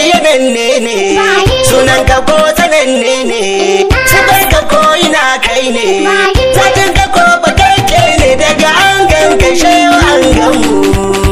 kai yadanne ne sunan ka ko sananne ne sifar ka ko ina kai ne zatin ka ko bakakke ne daga an gan kashe an gan mu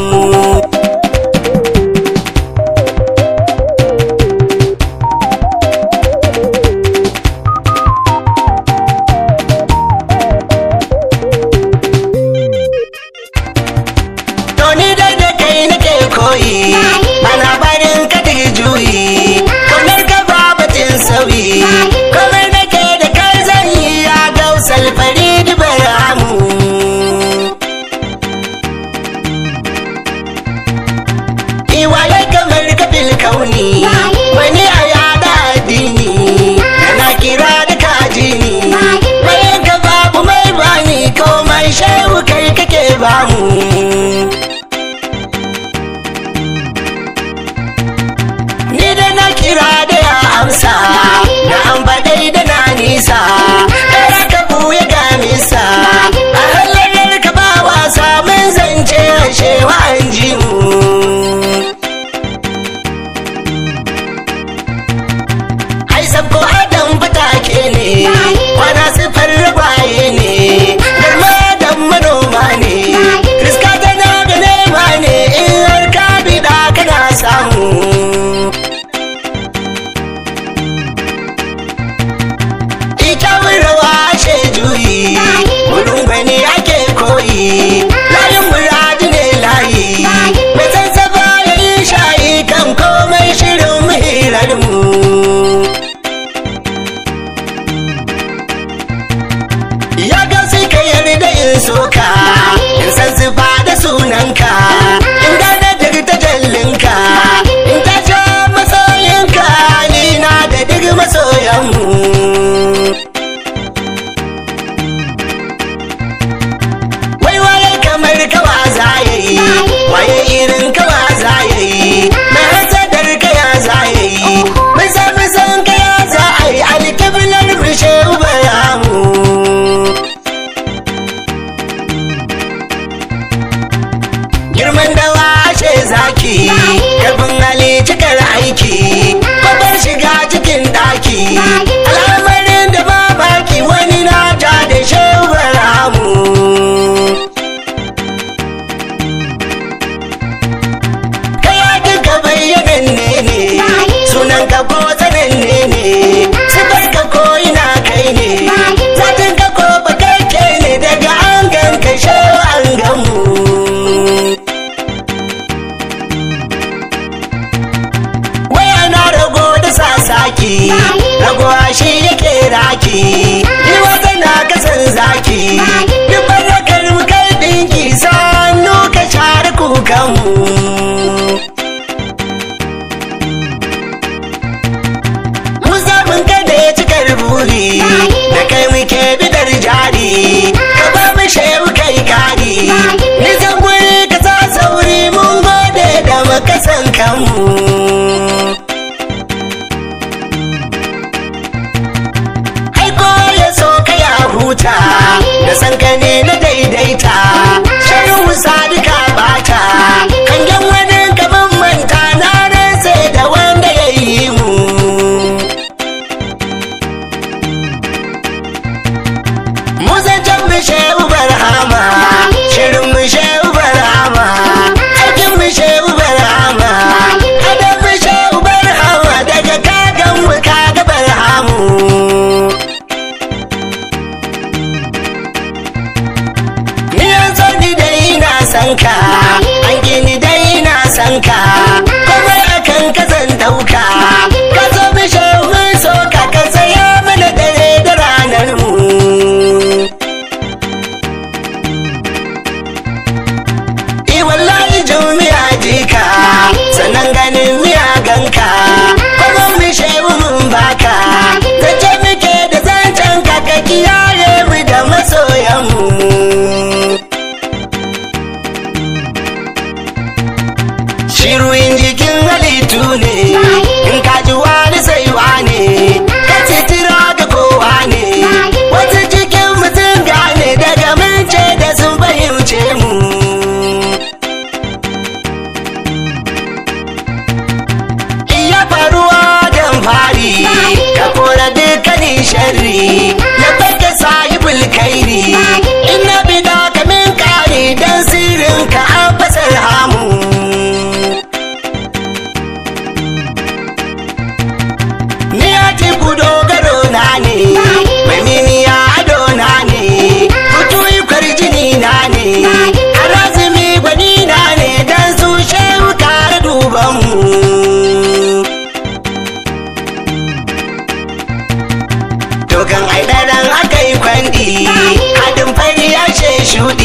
zaki ragowa shi yake raki yiwa tana kasan zaki duk bazakar mu kai dinki sannu ka share kukanmu kanka an gini dai na sanka komai akan kazan zan dauka shi jikin halittu ne in ka wani sai ka titira da kowa ne wata cikin mutum gane daga mance da sun fahimce mu iya faruwa don fari ka kora dukkanin sharri na baka sahibul kairi na ne harazimi na ne don su shehu kare duban mu dogon aidaran aka yi kwandi hadin fari ya ce shuɗi